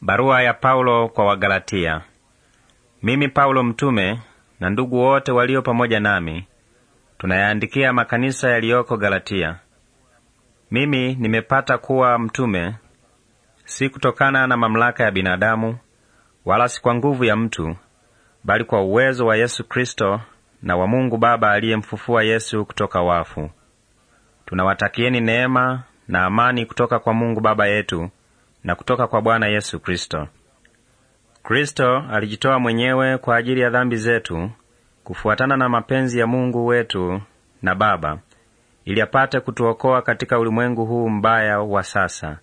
Barua ya Paulo kwa Wagalatia. Mimi Paulo mtume na ndugu wote walio pamoja nami tunayaandikia makanisa yaliyoko Galatia. Mimi nimepata kuwa mtume si kutokana na mamlaka ya binadamu wala si kwa nguvu ya mtu, bali kwa uwezo wa Yesu Kristo na wa Mungu Baba aliyemfufua Yesu kutoka wafu. Tunawatakieni neema na amani kutoka kwa Mungu Baba yetu na kutoka kwa Bwana Yesu Kristo. Kristo alijitoa mwenyewe kwa ajili ya dhambi zetu kufuatana na mapenzi ya Mungu wetu na Baba, ili apate kutuokoa katika ulimwengu huu mbaya wa sasa.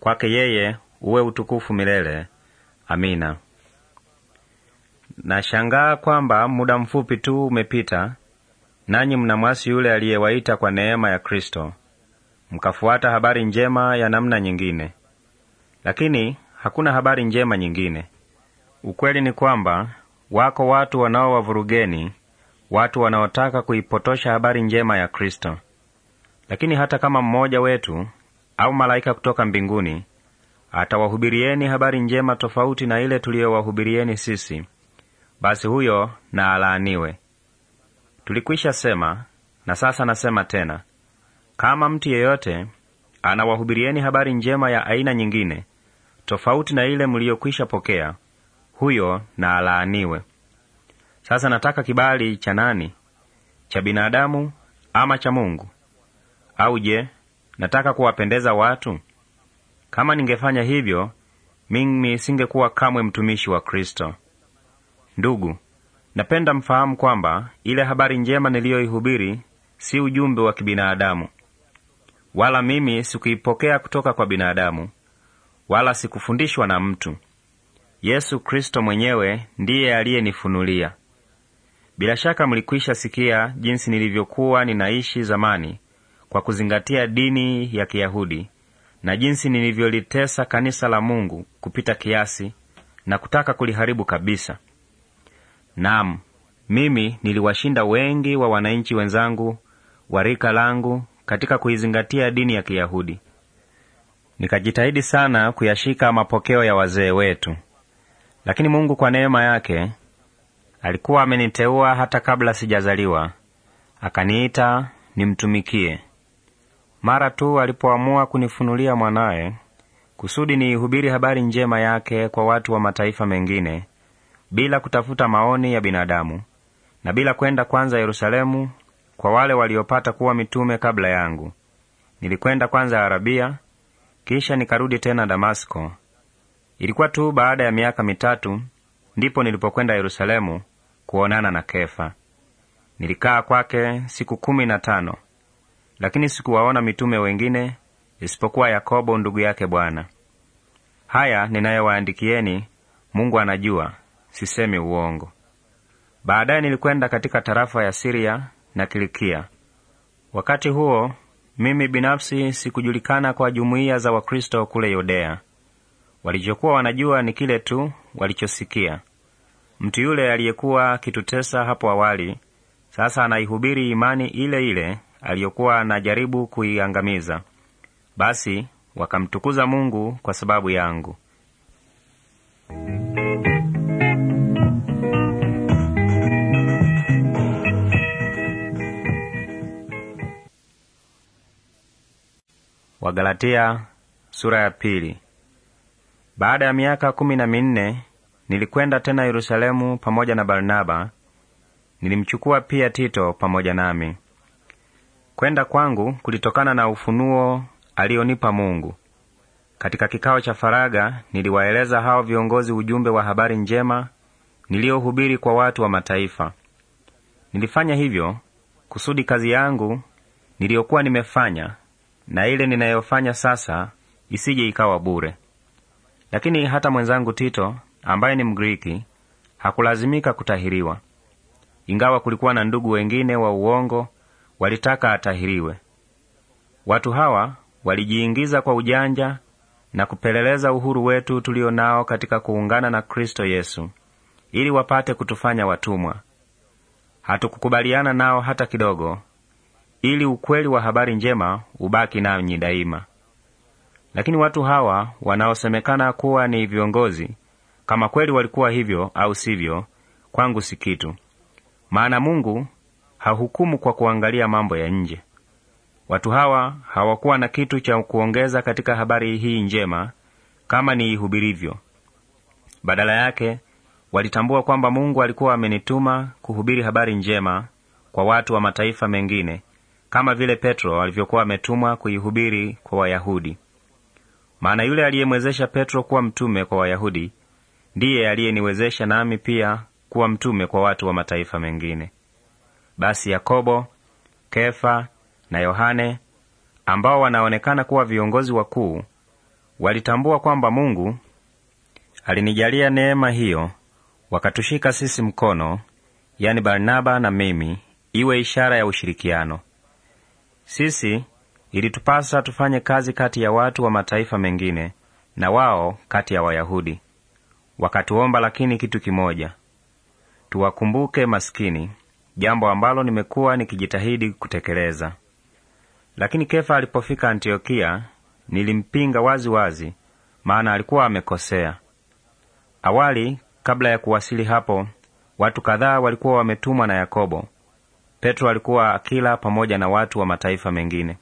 Kwake yeye uwe utukufu milele. Amina. Nashangaa kwamba muda mfupi tu umepita, nanyi mnamwasi yule aliyewaita kwa neema ya Kristo, mkafuata habari njema ya namna nyingine. Lakini hakuna habari njema nyingine. Ukweli ni kwamba wako watu wanaowavurugeni, watu wanaotaka kuipotosha habari njema ya Kristo. Lakini hata kama mmoja wetu au malaika kutoka mbinguni atawahubirieni habari njema tofauti na ile tuliyowahubirieni sisi, basi huyo na alaaniwe. Tulikwisha sema na sasa nasema tena, kama mtu yeyote anawahubirieni habari njema ya aina nyingine, tofauti na ile mliyokwisha pokea, huyo na alaaniwe. Sasa nataka kibali cha nani? Cha binadamu ama cha Mungu? Au je, nataka kuwapendeza watu? Kama ningefanya hivyo, mimi singekuwa kamwe mtumishi wa Kristo. Ndugu, napenda mfahamu kwamba ile habari njema niliyoihubiri si ujumbe wa kibinadamu, wala mimi sikuipokea kutoka kwa binadamu, wala sikufundishwa na mtu. Yesu Kristo mwenyewe ndiye aliyenifunulia. Bila shaka mlikwisha sikia jinsi nilivyokuwa ninaishi zamani kwa kuzingatia dini ya Kiyahudi na jinsi nilivyolitesa kanisa la Mungu kupita kiasi na kutaka kuliharibu kabisa. Naam, mimi niliwashinda wengi wa wananchi wenzangu wa rika langu katika kuizingatia dini ya Kiyahudi. Nikajitahidi sana kuyashika mapokeo ya wazee wetu, lakini Mungu kwa neema yake alikuwa ameniteua hata kabla sijazaliwa, akaniita nimtumikie. Mara tu alipoamua kunifunulia mwanaye kusudi niihubiri habari njema yake kwa watu wa mataifa mengine, bila kutafuta maoni ya binadamu na bila kwenda kwanza Yerusalemu kwa wale waliopata kuwa mitume kabla yangu. Nilikwenda kwanza Arabia kisha nikarudi tena Damasko. Ilikuwa tu baada ya miaka mitatu ndipo nilipokwenda Yerusalemu kuonana na Kefa. Nilikaa kwake siku kumi na tano, lakini sikuwaona mitume wengine isipokuwa Yakobo ndugu yake Bwana. Haya ninayowaandikieni Mungu anajua, sisemi uongo. Baadaye nilikwenda katika tarafa ya Siria na Kilikia. Wakati huo mimi binafsi sikujulikana kwa jumuiya za Wakristo kule Yudea. Walichokuwa wanajua ni kile tu walichosikia. Mtu yule aliyekuwa kitutesa hapo awali, sasa anaihubiri imani ile ile aliyokuwa anajaribu kuiangamiza. Basi wakamtukuza Mungu kwa sababu yangu. Wagalatia sura ya pili. Baada ya miaka kumi na minne nilikwenda tena Yerusalemu pamoja na Barnaba. Nilimchukua pia Tito pamoja nami. Kwenda kwangu kulitokana na ufunuo alionipa Mungu. Katika kikao cha faraga niliwaeleza hao viongozi ujumbe wa habari njema niliyohubiri kwa watu wa mataifa. Nilifanya hivyo kusudi kazi yangu niliyokuwa nimefanya na ile ninayofanya sasa isije ikawa bure. Lakini hata mwenzangu Tito ambaye ni Mgiriki hakulazimika kutahiriwa, ingawa kulikuwa na ndugu wengine wa uongo walitaka atahiriwe. Watu hawa walijiingiza kwa ujanja na kupeleleza uhuru wetu tulio nao katika kuungana na Kristo Yesu ili wapate kutufanya watumwa. Hatukukubaliana nao hata kidogo, ili ukweli wa habari njema ubaki nanyi daima. Lakini watu hawa wanaosemekana kuwa ni viongozi, kama kweli walikuwa hivyo au sivyo, kwangu si kitu, maana Mungu hahukumu kwa kuangalia mambo ya nje. Watu hawa hawakuwa na kitu cha kuongeza katika habari hii njema kama niihubirivyo. Badala yake walitambua kwamba Mungu alikuwa amenituma kuhubiri habari njema kwa watu wa mataifa mengine, kama vile Petro alivyokuwa ametumwa kuihubiri kwa Wayahudi. Maana yule aliyemwezesha Petro kuwa mtume kwa Wayahudi ndiye aliyeniwezesha nami pia kuwa mtume kwa watu wa mataifa mengine. Basi Yakobo, Kefa na Yohane ambao wanaonekana kuwa viongozi wakuu walitambua kwamba Mungu alinijalia neema hiyo, wakatushika sisi mkono, yani Barnaba na mimi, iwe ishara ya ushirikiano. Sisi ilitupasa tufanye kazi kati ya watu wa mataifa mengine na wao kati ya Wayahudi. Wakatuomba lakini kitu kimoja, tuwakumbuke maskini, jambo ambalo nimekuwa nikijitahidi kutekeleza. Lakini Kefa alipofika Antiokia, nilimpinga wazi wazi, maana alikuwa amekosea. Awali kabla ya kuwasili hapo, watu kadhaa walikuwa wametumwa na Yakobo Petro alikuwa akila pamoja na watu wa mataifa mengine,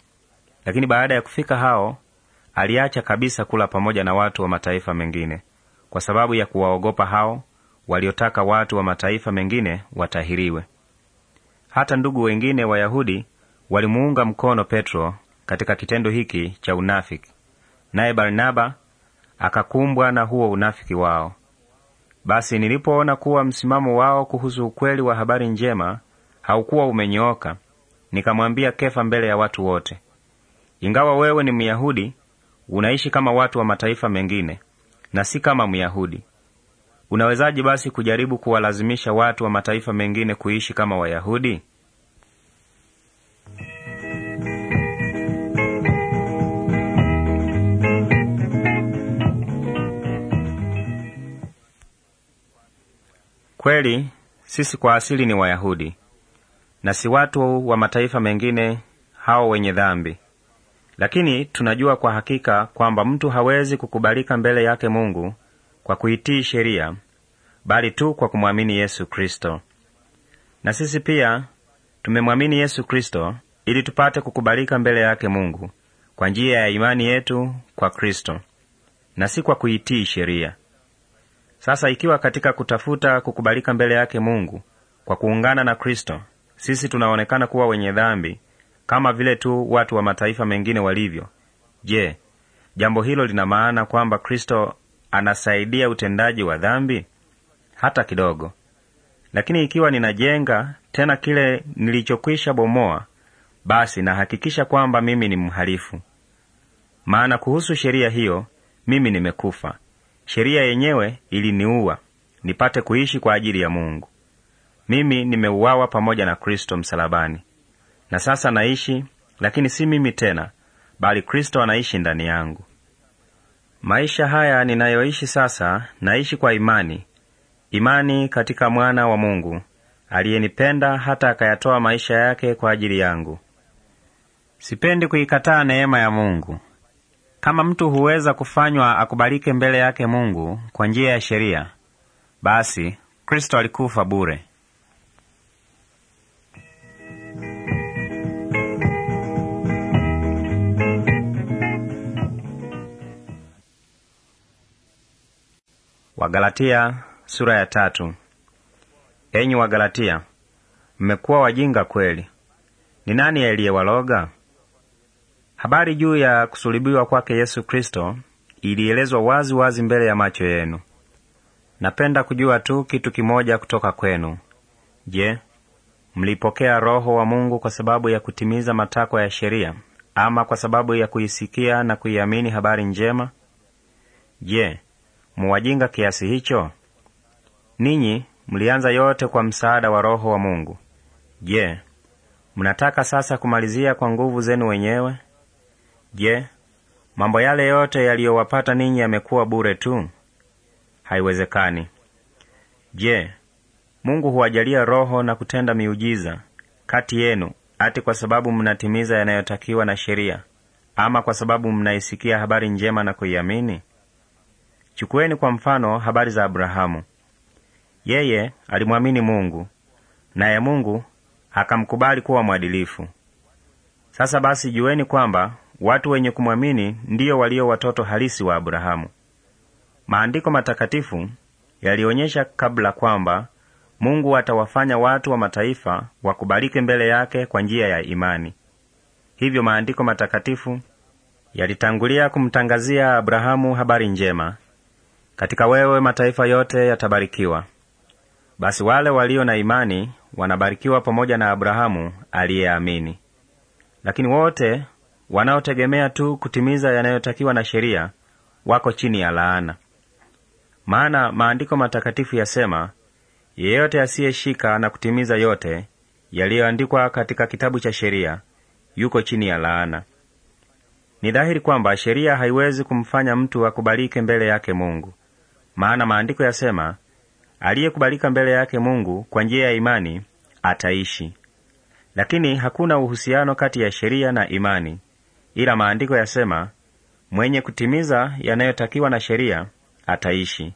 lakini baada ya kufika hao aliacha kabisa kula pamoja na watu wa mataifa mengine kwa sababu ya kuwaogopa hao waliotaka watu wa mataifa mengine watahiriwe. Hata ndugu wengine Wayahudi walimuunga mkono Petro katika kitendo hiki cha unafiki, naye Barnaba akakumbwa na huo unafiki wao. Basi nilipoona kuwa msimamo wao kuhusu ukweli wa habari njema haukuwa umenyooka, nikamwambia Kefa mbele ya watu wote, ingawa wewe ni Myahudi, unaishi kama watu wa mataifa mengine na si kama Myahudi. Unawezaje basi kujaribu kuwalazimisha watu wa mataifa mengine kuishi kama Wayahudi? Kweli sisi kwa asili ni Wayahudi, na si watu wa mataifa mengine hao wenye dhambi. Lakini tunajua kwa hakika kwamba mtu hawezi kukubalika mbele yake Mungu kwa kuitii sheria, bali tu kwa kumwamini Yesu Kristo. Na sisi pia tumemwamini Yesu Kristo ili tupate kukubalika mbele yake Mungu kwa njia ya imani yetu kwa Kristo na si kwa kuitii sheria. Sasa ikiwa katika kutafuta kukubalika mbele yake Mungu kwa kuungana na Kristo sisi tunaonekana kuwa wenye dhambi kama vile tu watu wa mataifa mengine walivyo. Je, jambo hilo lina maana kwamba Kristo anasaidia utendaji wa dhambi? Hata kidogo. Lakini ikiwa ninajenga tena kile nilichokwisha bomoa, basi nahakikisha kwamba mimi ni mhalifu. Maana kuhusu sheria hiyo, mimi nimekufa. Sheria yenyewe iliniua, nipate kuishi kwa ajili ya Mungu mimi nimeuawa pamoja na kristo msalabani na sasa naishi lakini si mimi tena bali kristo anaishi ndani yangu maisha haya ninayoishi sasa naishi kwa imani imani katika mwana wa mungu aliyenipenda hata akayatoa maisha yake kwa ajili yangu sipendi kuikataa neema ya mungu kama mtu huweza kufanywa akubalike mbele yake mungu kwa njia ya sheria basi kristo alikufa bure Wagalatia sura ya tatu. Enyi Wagalatia, mmekuwa wajinga kweli! Ni nani aliyewaloga? Habari juu ya kusulubiwa kwake Yesu Kristo ilielezwa wazi wazi mbele ya macho yenu. Napenda kujua tu kitu kimoja kutoka kwenu. Je, mlipokea Roho wa Mungu kwa sababu ya kutimiza matakwa ya sheria ama kwa sababu ya kuisikia na kuiamini habari njema? Je, muwajinga kiasi hicho? Ninyi mlianza yote kwa msaada wa Roho wa Mungu. Je, mnataka sasa kumalizia kwa nguvu zenu wenyewe? Je, mambo yale yote yaliyowapata ninyi yamekuwa bure tu? Haiwezekani. Je, Mungu huwajalia Roho na kutenda miujiza kati yenu ati kwa sababu mnatimiza yanayotakiwa na sheria ama kwa sababu mnaisikia habari njema na kuiamini? Chukueni kwa mfano habari za Abrahamu. Yeye alimwamini Mungu, naye Mungu akamkubali kuwa mwadilifu. Sasa basi, jueni kwamba watu wenye kumwamini ndiyo walio watoto halisi wa Abrahamu. Maandiko matakatifu yalionyesha kabla kwamba Mungu atawafanya watu wa mataifa wakubalike mbele yake kwa njia ya imani. Hivyo maandiko matakatifu yalitangulia kumtangazia Abrahamu habari njema katika wewe mataifa yote yatabarikiwa basi wale walio na imani wanabarikiwa pamoja na abrahamu aliyeamini lakini wote wanaotegemea tu kutimiza yanayotakiwa na sheria wako chini ya laana maana maandiko matakatifu yasema yeyote asiyeshika na kutimiza yote yaliyoandikwa katika kitabu cha sheria yuko chini ya laana ni dhahiri kwamba sheria haiwezi kumfanya mtu akubalike mbele yake mungu maana maandiko yasema, aliyekubalika mbele yake Mungu kwa njia ya imani ataishi. Lakini hakuna uhusiano kati ya sheria na imani, ila maandiko yasema, mwenye kutimiza yanayotakiwa na sheria ataishi.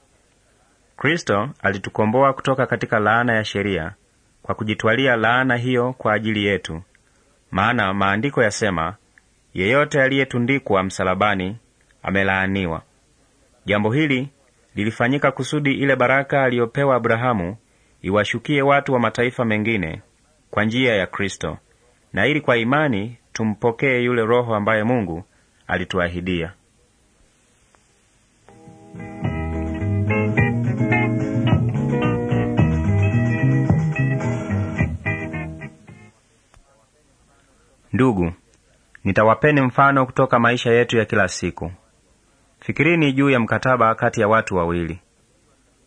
Kristo alitukomboa kutoka katika laana ya sheria kwa kujitwalia laana hiyo kwa ajili yetu, maana maandiko yasema, yeyote aliyetundikwa msalabani amelaaniwa. Jambo hili lilifanyika kusudi ile baraka aliyopewa Abrahamu iwashukie watu wa mataifa mengine kwa njia ya Kristo, na ili kwa imani tumpokee yule Roho ambaye Mungu alituahidia. Ndugu, nitawapeni mfano kutoka maisha yetu ya kila siku fikirini juu ya mkataba kati ya watu wawili.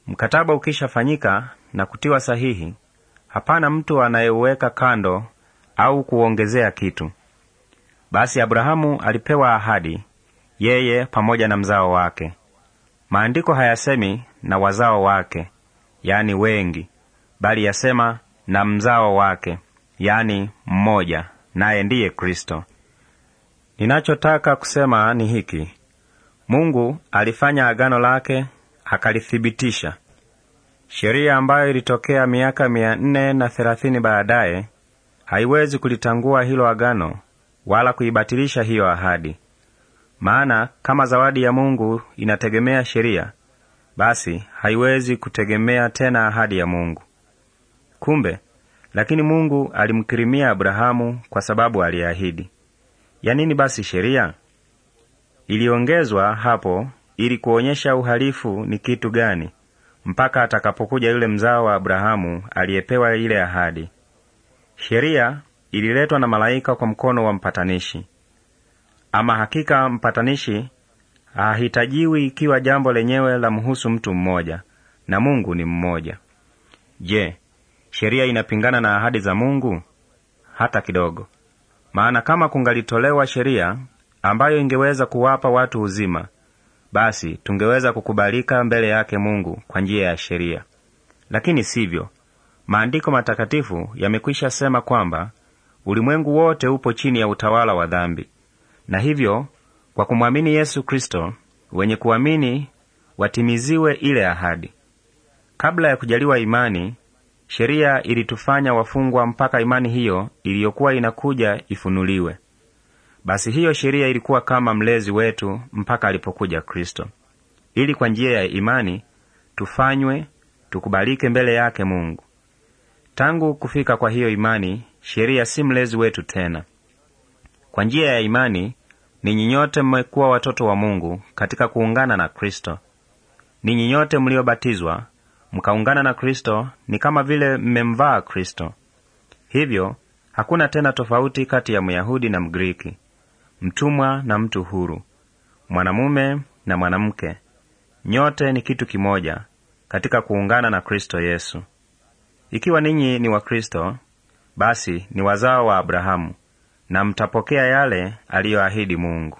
Mkataba ukishafanyika na kutiwa sahihi, hapana mtu anayeuweka kando au kuongezea kitu. Basi Abrahamu alipewa ahadi, yeye pamoja na mzao wake. Maandiko hayasemi na wazao wake, yaani wengi, bali yasema na mzao wake, yaani mmoja, naye ndiye Kristo. Ninachotaka kusema ni hiki: Mungu alifanya agano lake akalithibitisha. Sheria ambayo ilitokea miaka mia nne na thelathini baadaye haiwezi kulitangua hilo agano wala kuibatilisha hiyo ahadi. Maana kama zawadi ya Mungu inategemea sheria, basi haiwezi kutegemea tena ahadi ya Mungu. Kumbe lakini Mungu alimkirimia Abrahamu kwa sababu aliahidi. Ya nini basi sheria? iliongezwa hapo ili kuonyesha uhalifu ni kitu gani mpaka atakapokuja yule mzao wa Abrahamu aliyepewa ile ahadi. Sheria ililetwa na malaika kwa mkono wa mpatanishi. Ama hakika mpatanishi hahitajiwi ikiwa jambo lenyewe la mhusu mtu mmoja na Mungu ni mmoja. Je, sheria inapingana na ahadi za Mungu? Hata kidogo. Maana kama kungalitolewa sheria ambayo ingeweza kuwapa watu uzima, basi tungeweza kukubalika mbele yake Mungu kwa njia ya sheria. Lakini sivyo. Maandiko matakatifu yamekwisha sema kwamba ulimwengu wote upo chini ya utawala wa dhambi, na hivyo kwa kumwamini Yesu Kristo wenye kuamini watimiziwe ile ahadi. Kabla ya kujaliwa imani, sheria ilitufanya wafungwa mpaka imani hiyo iliyokuwa inakuja ifunuliwe. Basi hiyo sheria ilikuwa kama mlezi wetu mpaka alipokuja Kristo, ili kwa njia ya imani tufanywe tukubalike mbele yake Mungu. Tangu kufika kwa hiyo imani, sheria si mlezi wetu tena. Kwa njia ya imani ninyi nyote mmekuwa watoto wa Mungu katika kuungana na Kristo. Ninyi nyote mliobatizwa mkaungana na Kristo, ni kama vile mmemvaa Kristo. Hivyo hakuna tena tofauti kati ya Myahudi na Mgiriki, mtumwa na mtu huru, mwanamume na mwanamke, nyote ni kitu kimoja katika kuungana na Kristo Yesu. Ikiwa ninyi ni Wakristo, basi ni wazao wa Abrahamu na mtapokea yale aliyoahidi Mungu.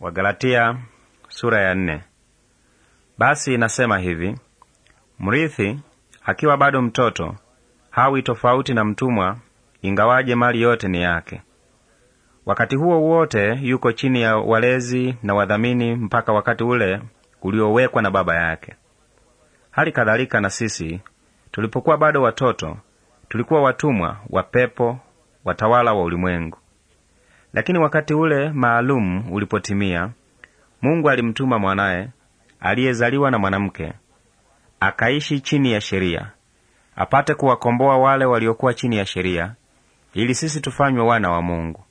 Wagalatia sura ya nne. Basi inasema hivi: mrithi akiwa bado mtoto hawi tofauti na mtumwa, ingawaje mali yote ni yake. Wakati huo wote yuko chini ya walezi na wadhamini mpaka wakati ule uliowekwa na baba yake. Hali kadhalika na sisi tulipokuwa bado watoto, tulikuwa watumwa wa pepo, watawala wa ulimwengu. Lakini wakati ule maalumu ulipotimia, Mungu alimtuma mwanaye aliyezaliwa na mwanamke, akaishi chini ya sheria, apate kuwakomboa wale waliokuwa chini ya sheria, ili sisi tufanywe wana wa Mungu.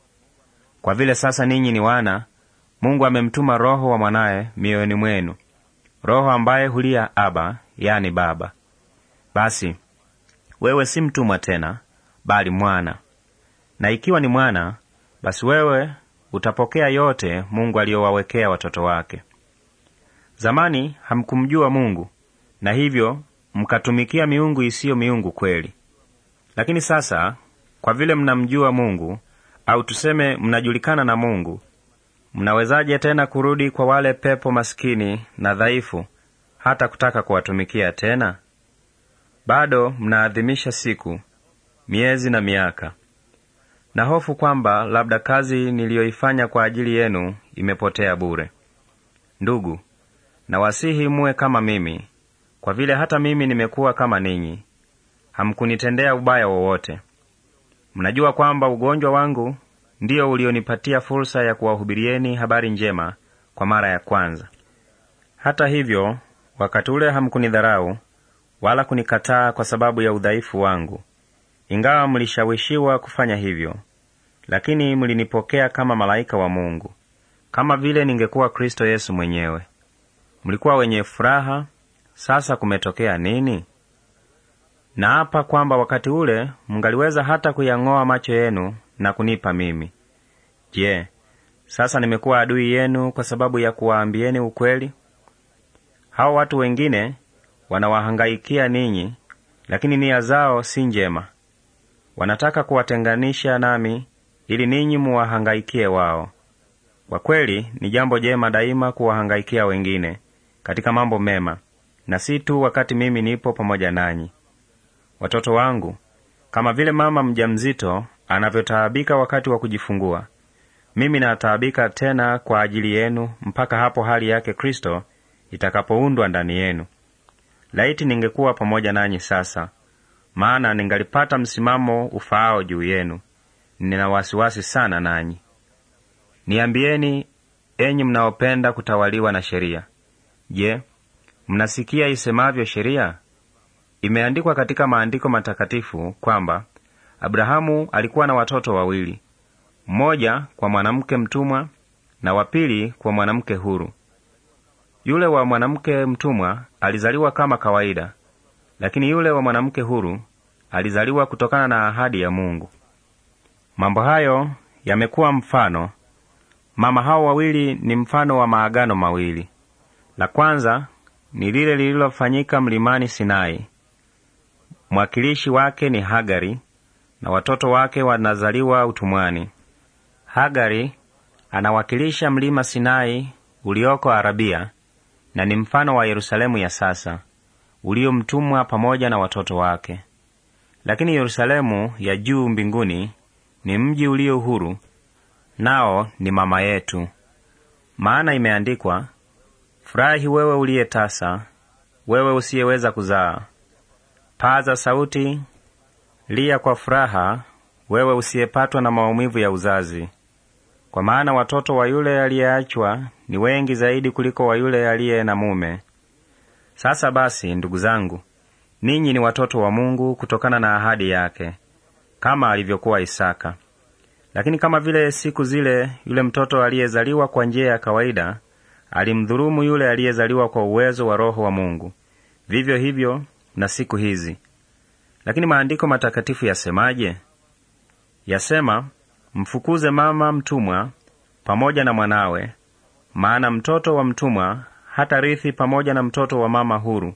Kwa vile sasa ninyi ni wana, Mungu amemtuma Roho wa mwanaye mioyoni mwenu, Roho ambaye hulia Aba, yani Baba. Basi wewe si mtumwa tena, bali mwana, na ikiwa ni mwana, basi wewe utapokea yote Mungu aliyowawekea watoto wake. Zamani hamkumjua Mungu na hivyo mkatumikia miungu isiyo miungu kweli. Lakini sasa kwa vile mnamjua Mungu au tuseme mnajulikana na Mungu, mnawezaje tena kurudi kwa wale pepo masikini na dhaifu, hata kutaka kuwatumikia tena? Bado mnaadhimisha siku, miezi na miaka na hofu kwamba labda kazi niliyoifanya kwa ajili yenu imepotea bure. Ndugu, nawasihi muwe kama mimi, kwa vile hata mimi nimekuwa kama ninyi. Hamkunitendea ubaya wowote. Mnajua kwamba ugonjwa wangu ndiyo ulionipatia fursa ya kuwahubirieni habari njema kwa mara ya kwanza. Hata hivyo, wakati ule hamkunidharau wala kunikataa kwa sababu ya udhaifu wangu, ingawa mlishawishiwa kufanya hivyo lakini mlinipokea kama malaika wa Mungu, kama vile ningekuwa Kristo Yesu mwenyewe. Mlikuwa wenye furaha. Sasa kumetokea nini? Na hapa kwamba wakati ule mngaliweza hata kuyang'oa macho yenu na kunipa mimi. Je, sasa nimekuwa adui yenu kwa sababu ya kuwaambieni ukweli? Hao watu wengine wanawahangaikia ninyi, lakini nia zao si njema. Wanataka kuwatenganisha nami ili ninyi muwahangaikie wao. Kwa kweli ni jambo jema daima kuwahangaikia wengine katika mambo mema, na si tu wakati mimi nipo pamoja nanyi. Watoto wangu, kama vile mama mjamzito anavyotaabika wakati wa kujifungua, mimi nataabika tena kwa ajili yenu mpaka hapo hali yake Kristo itakapoundwa ndani yenu. Laiti ningekuwa pamoja nanyi sasa, maana ningalipata msimamo ufaao juu yenu nina wasiwasi sana nanyi. Niambieni, enyi mnaopenda kutawaliwa na sheria, je, mnasikia isemavyo sheria? Imeandikwa katika maandiko matakatifu kwamba Abrahamu alikuwa na watoto wawili, mmoja kwa mwanamke mtumwa na wa pili kwa mwanamke huru. Yule wa mwanamke mtumwa alizaliwa kama kawaida, lakini yule wa mwanamke huru alizaliwa kutokana na ahadi ya Mungu. Mambo hayo yamekuwa mfano. Mama hao wawili ni mfano wa maagano mawili. La kwanza ni lile lililofanyika mlimani Sinai. Mwakilishi wake ni Hagari na watoto wake wanazaliwa utumwani. Hagari anawakilisha mlima Sinai ulioko Arabia na ni mfano wa Yerusalemu ya sasa uliomtumwa pamoja na watoto wake. Lakini Yerusalemu ya juu mbinguni ni mji ulio huru, nao ni mama yetu. Maana imeandikwa, furahi wewe uliye tasa, wewe usiyeweza kuzaa, paza sauti, lia kwa furaha, wewe usiyepatwa na maumivu ya uzazi, kwa maana watoto wa yule aliyeachwa ni wengi zaidi kuliko wa yule aliye na mume. Sasa basi, ndugu zangu, ninyi ni watoto wa Mungu kutokana na ahadi yake kama alivyokuwa Isaka. Lakini kama vile siku zile yule mtoto aliyezaliwa kwa njia ya kawaida alimdhulumu yule aliyezaliwa kwa uwezo wa Roho wa Mungu, vivyo hivyo na siku hizi. Lakini maandiko matakatifu yasemaje? Yasema, mfukuze mama mtumwa pamoja na mwanawe, maana mtoto wa mtumwa hata rithi pamoja na mtoto wa mama huru.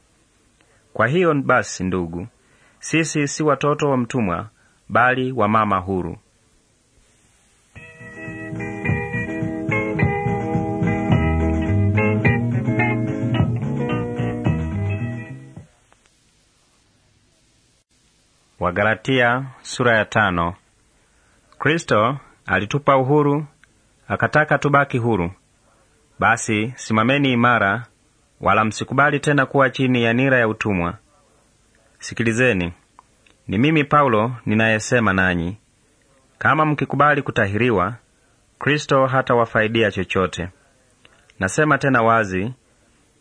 Kwa hiyo basi, ndugu, sisi si watoto wa mtumwa, bali mama huru. Wagalatia sura ya tano. Kristo alitupa uhuru, akataka tubaki huru. Basi simameni imara, wala msikubali tena kuwa chini ya nira ya utumwa. Sikilizeni, ni mimi Paulo ninayesema nanyi. Kama mkikubali kutahiriwa, Kristo hatawafaidia chochote. Nasema tena wazi,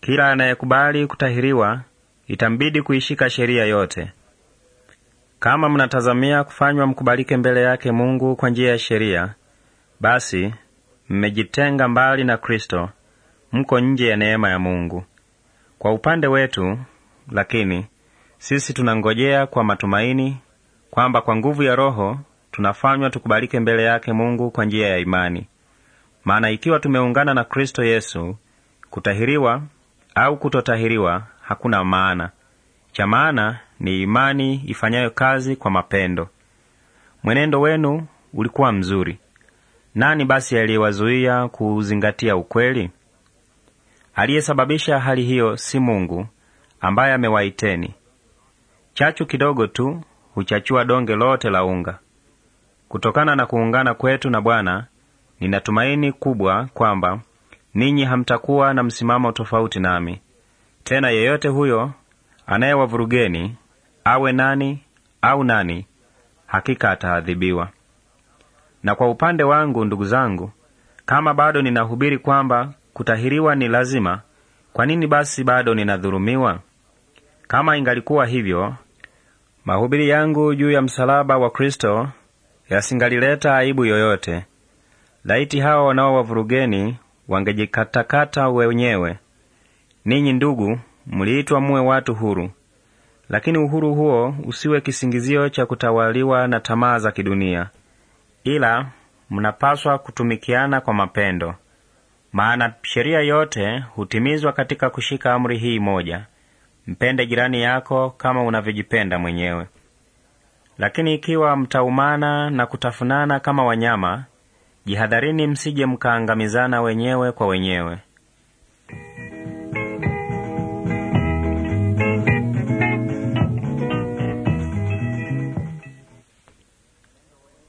kila anayekubali kutahiriwa itambidi kuishika sheria yote. Kama mnatazamia kufanywa mkubalike mbele yake Mungu kwa njia ya sheria, basi mmejitenga mbali na Kristo, mko nje ya neema ya Mungu. Kwa upande wetu lakini sisi tunangojea kwa matumaini kwamba kwa nguvu ya Roho tunafanywa tukubalike mbele yake Mungu kwa njia ya imani. Maana ikiwa tumeungana na Kristo Yesu, kutahiriwa au kutotahiriwa hakuna maana. Cha maana ni imani ifanyayo kazi kwa mapendo. Mwenendo wenu ulikuwa mzuri. Nani basi aliyewazuia kuuzingatia ukweli? Aliyesababisha hali hiyo si Mungu ambaye amewaiteni Chachu kidogo tu huchachua donge lote la unga. Kutokana na kuungana kwetu na Bwana, ninatumaini kubwa kwamba ninyi hamtakuwa na msimamo tofauti nami. Tena yeyote huyo anayewavurugeni awe nani au nani, hakika ataadhibiwa. Na kwa upande wangu, ndugu zangu, kama bado ninahubiri kwamba kutahiriwa ni lazima, kwa nini basi bado ninadhulumiwa? Kama ingalikuwa hivyo, Mahubiri yangu juu ya msalaba wa Kristo yasingalileta aibu yoyote. Laiti hawa wavurugeni wangejikatakata wenyewe. Ninyi ndugu, mliitwa muwe watu huru, lakini uhuru huo usiwe kisingizio cha kutawaliwa na tamaa za kidunia, ila mnapaswa kutumikiana kwa mapendo. Maana sheria yote hutimizwa katika kushika amri hii moja: Mpende jirani yako kama unavyojipenda mwenyewe. Lakini ikiwa mtaumana na kutafunana kama wanyama, jihadharini msije mkaangamizana wenyewe kwa wenyewe.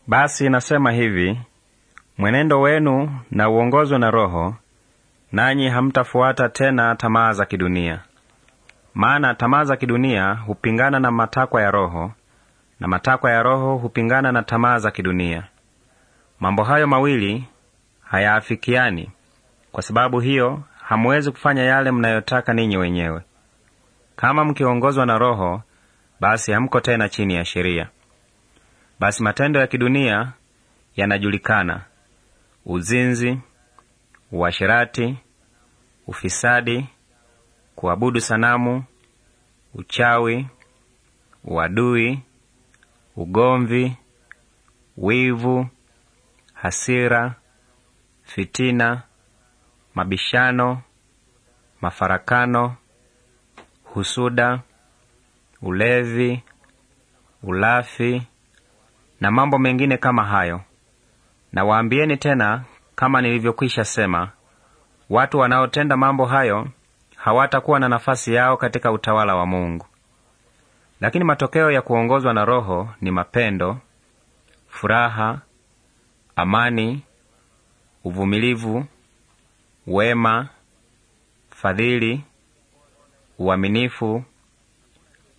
Basi nasema hivi, mwenendo wenu na uongozwe na Roho, nanyi hamtafuata tena tamaa za kidunia. Maana tamaa za kidunia hupingana na matakwa ya Roho, na matakwa ya Roho hupingana na tamaa za kidunia. Mambo hayo mawili hayaafikiani. Kwa sababu hiyo, hamuwezi kufanya yale mnayotaka ninyi wenyewe. Kama mkiongozwa na Roho, basi hamko tena chini ya sheria. Basi matendo ya kidunia yanajulikana: uzinzi, uasherati, ufisadi kuabudu sanamu, uchawi, uadui, ugomvi, wivu, hasira, fitina, mabishano, mafarakano, husuda, ulevi, ulafi na mambo mengine kama hayo. Na waambieni tena, kama nilivyokwisha sema, watu wanaotenda mambo hayo hawatakuwa na nafasi yao katika utawala wa Mungu. Lakini matokeo ya kuongozwa na Roho ni mapendo, furaha, amani, uvumilivu, wema, fadhili, uaminifu,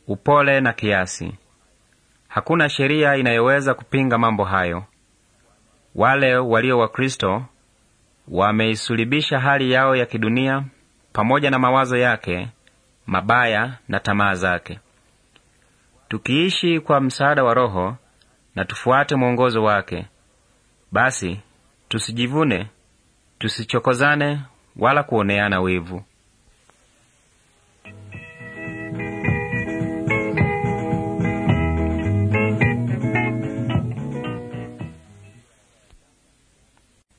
upole na kiasi. Hakuna sheria inayoweza kupinga mambo hayo. Wale walio Wakristo wameisulibisha hali yao ya kidunia pamoja na mawazo yake mabaya na tamaa zake. Tukiishi kwa msaada wa Roho na tufuate mwongozo wake, basi tusijivune, tusichokozane wala kuoneana wivu.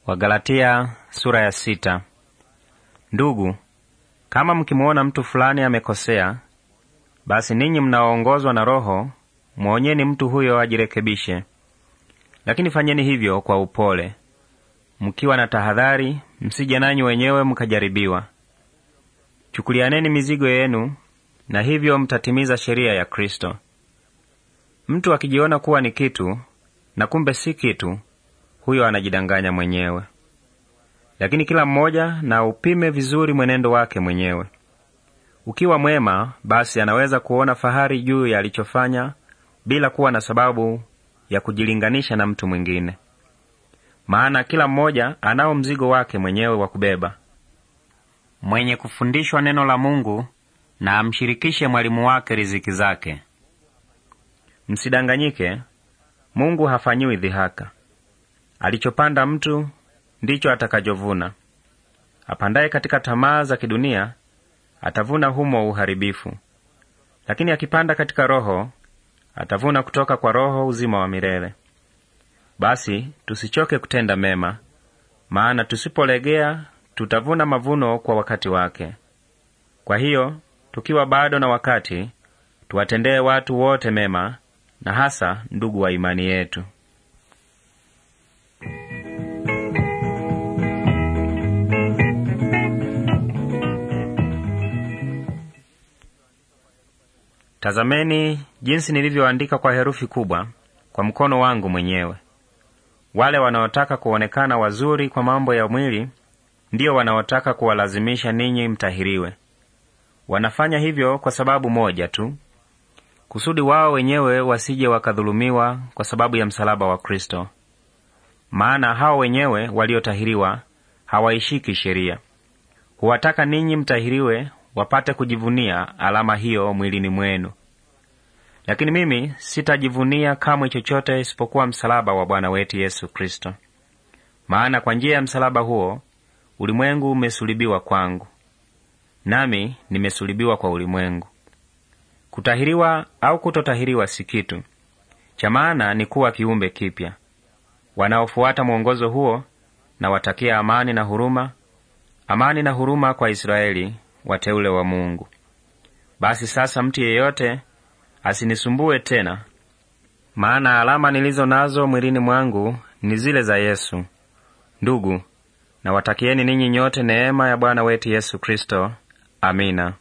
Wagalatia sura ya sita. Ndugu, kama mkimwona mtu fulani amekosea, basi ninyi mnaoongozwa na Roho mwonyeni mtu huyo ajirekebishe, lakini fanyeni hivyo kwa upole, mkiwa na tahadhari, msije nanyi wenyewe mkajaribiwa. Chukulianeni mizigo yenu, na hivyo mtatimiza sheria ya Kristo. Mtu akijiona kuwa ni kitu na kumbe si kitu, huyo anajidanganya mwenyewe lakini kila mmoja na upime vizuri mwenendo wake mwenyewe. Ukiwa mwema, basi anaweza kuona fahari juu ya alichofanya bila kuwa na sababu ya kujilinganisha na mtu mwingine, maana kila mmoja anao mzigo wake mwenyewe wa kubeba. Mwenye kufundishwa neno la Mungu na amshirikishe mwalimu wake riziki zake. Msidanganyike, Mungu hafanyiwi dhihaka. Alichopanda mtu ndicho atakachovuna. Apandaye katika tamaa za kidunia atavuna humo uharibifu, lakini akipanda katika Roho atavuna kutoka kwa Roho uzima wa milele. Basi tusichoke kutenda mema, maana tusipolegea tutavuna mavuno kwa wakati wake. Kwa hiyo tukiwa bado na wakati, tuwatendee watu wote mema, na hasa ndugu wa imani yetu. Tazameni jinsi nilivyoandika kwa herufi kubwa kwa mkono wangu mwenyewe. Wale wanaotaka kuonekana wazuri kwa mambo ya mwili ndiyo wanaotaka kuwalazimisha ninyi mtahiriwe. Wanafanya hivyo kwa sababu moja tu, kusudi wao wenyewe wasije wakadhulumiwa kwa sababu ya msalaba wa Kristo. Maana hao wenyewe waliotahiriwa hawaishiki sheria. Huwataka ninyi mtahiriwe wapate kujivunia alama hiyo mwilini mwenu. Lakini mimi sitajivunia kamwe chochote isipokuwa msalaba wa Bwana wetu Yesu Kristo, maana kwa njia ya msalaba huo ulimwengu umesulibiwa kwangu, nami nimesulibiwa kwa ulimwengu. Kutahiriwa au kutotahiriwa si kitu cha maana, ni kuwa kiumbe kipya. Wanaofuata mwongozo huo na watakia amani na huruma, amani na huruma kwa Israeli wateule wa Mungu. Basi sasa mtu yeyote asinisumbue tena, maana alama nilizo nazo mwilini mwangu ni zile za Yesu. Ndugu, nawatakieni ninyi nyote neema ya Bwana wetu Yesu Kristo. Amina.